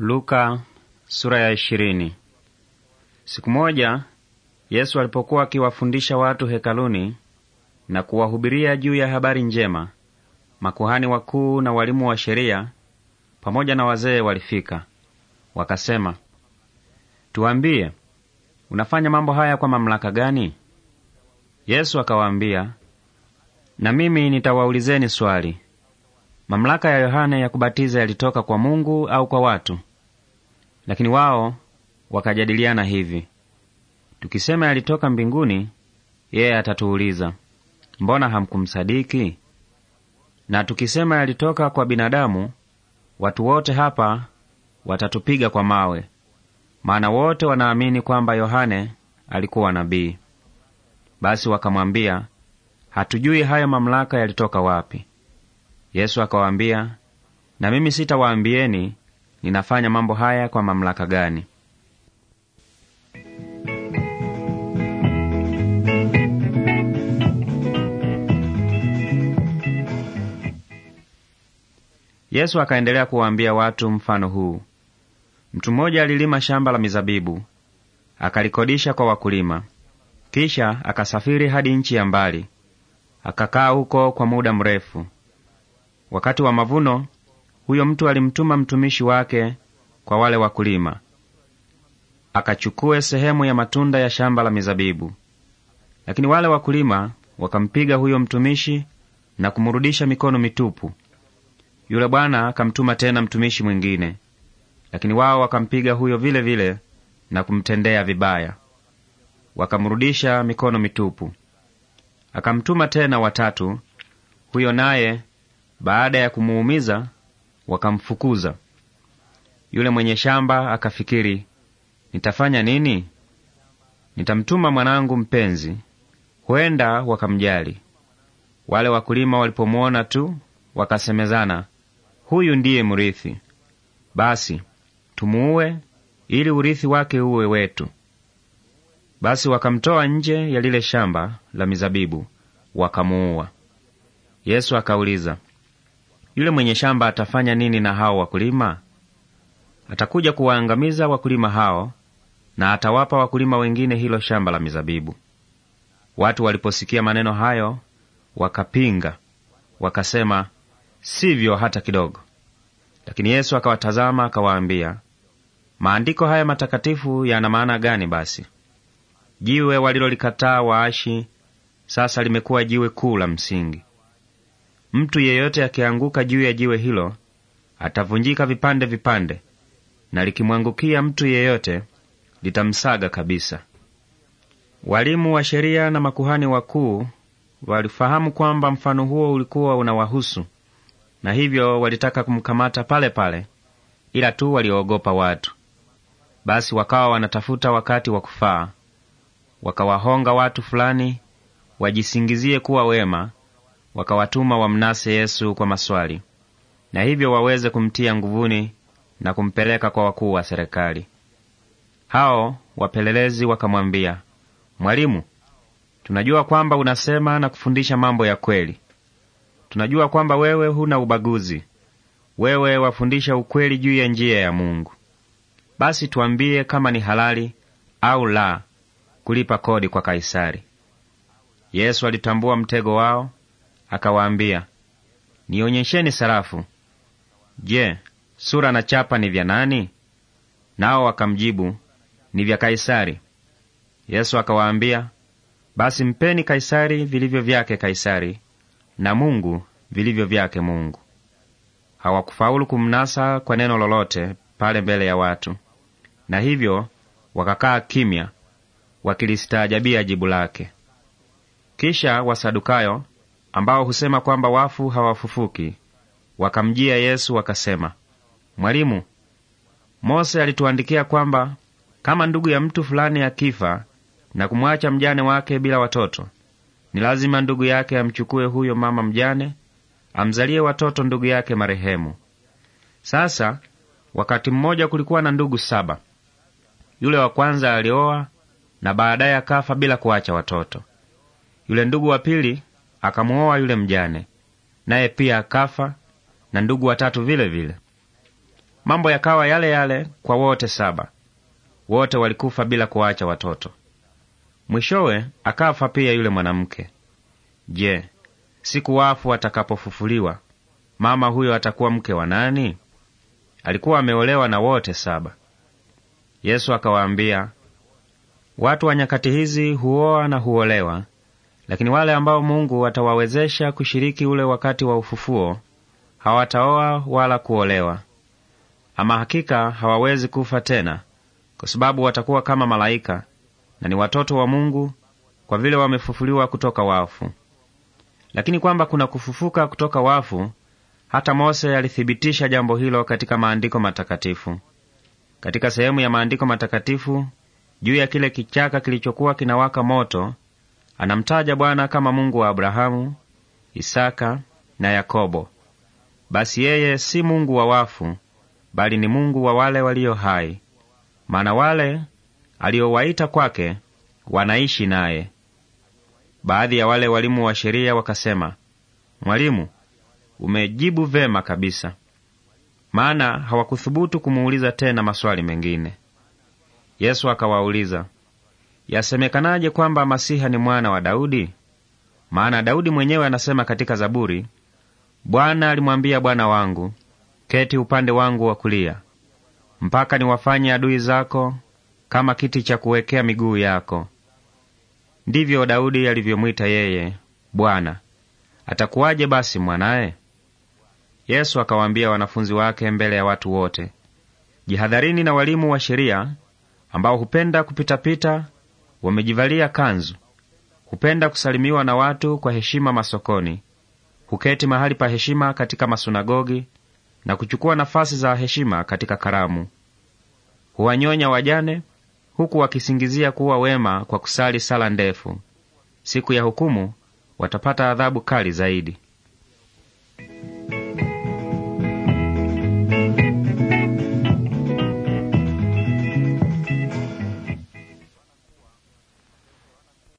Luka sura ya ishirini. Siku moja Yesu alipokuwa akiwafundisha watu hekaluni na kuwahubiria juu ya habari njema, makuhani wakuu na walimu wa sheria pamoja na wazee walifika. Wakasema, tuambie, unafanya mambo haya kwa mamlaka gani? Yesu akawaambia, na mimi nitawaulizeni swali. Mamlaka ya Yohane ya kubatiza yalitoka kwa Mungu au kwa watu? Lakini wao wakajadiliana hivi, tukisema yalitoka mbinguni, yeye atatuuliza mbona hamkumsadiki? Na tukisema yalitoka kwa binadamu, watu wote hapa watatupiga kwa mawe, maana wote wanaamini kwamba Yohane alikuwa nabii. Basi wakamwambia, hatujui hayo mamlaka yalitoka wapi. Yesu akawaambia, na mimi sitawaambieni Ninafanya mambo haya kwa mamlaka gani? Yesu akaendelea kuwaambia watu mfano huu: mtu mmoja alilima shamba la mizabibu akalikodisha kwa wakulima, kisha akasafiri hadi nchi ya mbali, akakaa huko kwa muda mrefu. Wakati wa mavuno huyo mtu alimtuma mtumishi wake kwa wale wakulima, akachukue sehemu ya matunda ya shamba la mizabibu. Lakini wale wakulima wakampiga huyo mtumishi na kumrudisha mikono mitupu. Yule bwana akamtuma tena mtumishi mwingine, lakini wao wakampiga huyo vile vile na kumtendea vibaya, wakamrudisha mikono mitupu. Akamtuma tena watatu, huyo naye baada ya kumuumiza wakamfukuza. Yule mwenye shamba akafikiri, nitafanya nini? Nitamtuma mwanangu mpenzi, huenda wakamjali. Wale wakulima walipomwona tu wakasemezana, huyu ndiye mrithi, basi tumuue ili urithi wake uwe wetu. Basi wakamtoa nje ya lile shamba la mizabibu wakamuua. Yesu akauliza, yule mwenye shamba atafanya nini na hao wakulima? Atakuja kuwaangamiza wakulima hao, na atawapa wakulima wengine hilo shamba la mizabibu. Watu waliposikia maneno hayo wakapinga, wakasema, sivyo hata kidogo. Lakini Yesu akawatazama akawaambia, maandiko haya matakatifu yana maana gani? Basi jiwe walilolikataa waashi sasa limekuwa jiwe kuu la msingi. Mtu yeyote akianguka juu ya jiwe hilo atavunjika vipande vipande, na likimwangukia mtu yeyote litamsaga kabisa. Walimu wa sheria na makuhani wakuu walifahamu kwamba mfano huo ulikuwa unawahusu, na hivyo walitaka kumkamata pale pale, ila tu waliogopa watu. Basi wakawa wanatafuta wakati wa kufaa, wakawahonga watu fulani wajisingizie kuwa wema wakawatuma wamnase Yesu kwa maswali, na hivyo waweze kumtia nguvuni na kumpeleka kwa wakuu wa serikali. Hao wapelelezi wakamwambia, Mwalimu, tunajua kwamba unasema na kufundisha mambo ya kweli. Tunajua kwamba wewe huna ubaguzi, wewe wafundisha ukweli juu ya njia ya Mungu. Basi tuambie kama ni halali au la kulipa kodi kwa Kaisari. Yesu alitambua mtego wao, Akawaambia, nionyesheni sarafu. Je, sura na chapa ni vya nani? Nao wakamjibu, ni vya Kaisari. Yesu akawaambia, basi mpeni Kaisari vilivyo vyake Kaisari, na Mungu vilivyo vyake Mungu. Hawakufaulu kumnasa kwa neno lolote pale mbele ya watu, na hivyo wakakaa kimya wakilistaajabia jibu lake. Kisha Wasadukayo ambao husema kwamba wafu hawafufuki, wakamjia Yesu wakasema, Mwalimu, Mose alituandikia kwamba kama ndugu ya mtu fulani akifa na kumwacha mjane wake bila watoto, ni lazima ndugu yake amchukue huyo mama mjane, amzalie watoto ndugu yake marehemu. Sasa wakati mmoja kulikuwa na ndugu saba. Yule wa kwanza alioa na baadaye akafa bila kuacha watoto. Yule ndugu wa pili akamuoa yule mjane, naye pia akafa na ndugu watatu vile vile. Mambo yakawa yale yale kwa wote saba. Wote walikufa bila kuacha watoto. Mwishowe akafa pia yule mwanamke. Je, siku wafu atakapofufuliwa, mama huyo atakuwa mke wa nani? Alikuwa ameolewa na wote saba. Yesu akawaambia, watu wa nyakati hizi huoa na huolewa lakini wale ambao Mungu atawawezesha kushiriki ule wakati wa ufufuo hawataoa wala kuolewa. Ama hakika hawawezi kufa tena, kwa sababu watakuwa kama malaika na ni watoto wa Mungu kwa vile wamefufuliwa kutoka wafu. Lakini kwamba kuna kufufuka kutoka wafu, hata Mose alithibitisha jambo hilo katika maandiko matakatifu. Katika sehemu ya maandiko matakatifu juu ya kile kichaka kilichokuwa kinawaka moto Anamtaja Bwana kama Mungu wa Abrahamu, Isaka na Yakobo. Basi yeye si Mungu wa wafu, bali ni Mungu wa wale walio hai, maana wale aliowaita kwake wanaishi naye. Baadhi ya wale walimu wa sheria wakasema, Mwalimu, umejibu vema kabisa. Maana hawakuthubutu kumuuliza tena maswali mengine. Yesu akawauliza, yasemekanaje kwamba Masiha ni mwana wa Daudi? Maana Daudi mwenyewe anasema katika Zaburi, Bwana alimwambia Bwana wangu, keti upande wangu wa kulia, mpaka niwafanye adui zako kama kiti cha kuwekea miguu yako. Ndivyo Daudi alivyomwita yeye Bwana. Atakuwaje basi mwanaye? Yesu akawaambia wanafunzi wake mbele ya watu wote, jihadharini na walimu wa sheria ambao hupenda kupitapita wamejivalia kanzu, hupenda kusalimiwa na watu kwa heshima masokoni, huketi mahali pa heshima katika masunagogi na kuchukua nafasi za heshima katika karamu. Huwanyonya wajane huku wakisingizia kuwa wema kwa kusali sala ndefu. Siku ya hukumu watapata adhabu kali zaidi.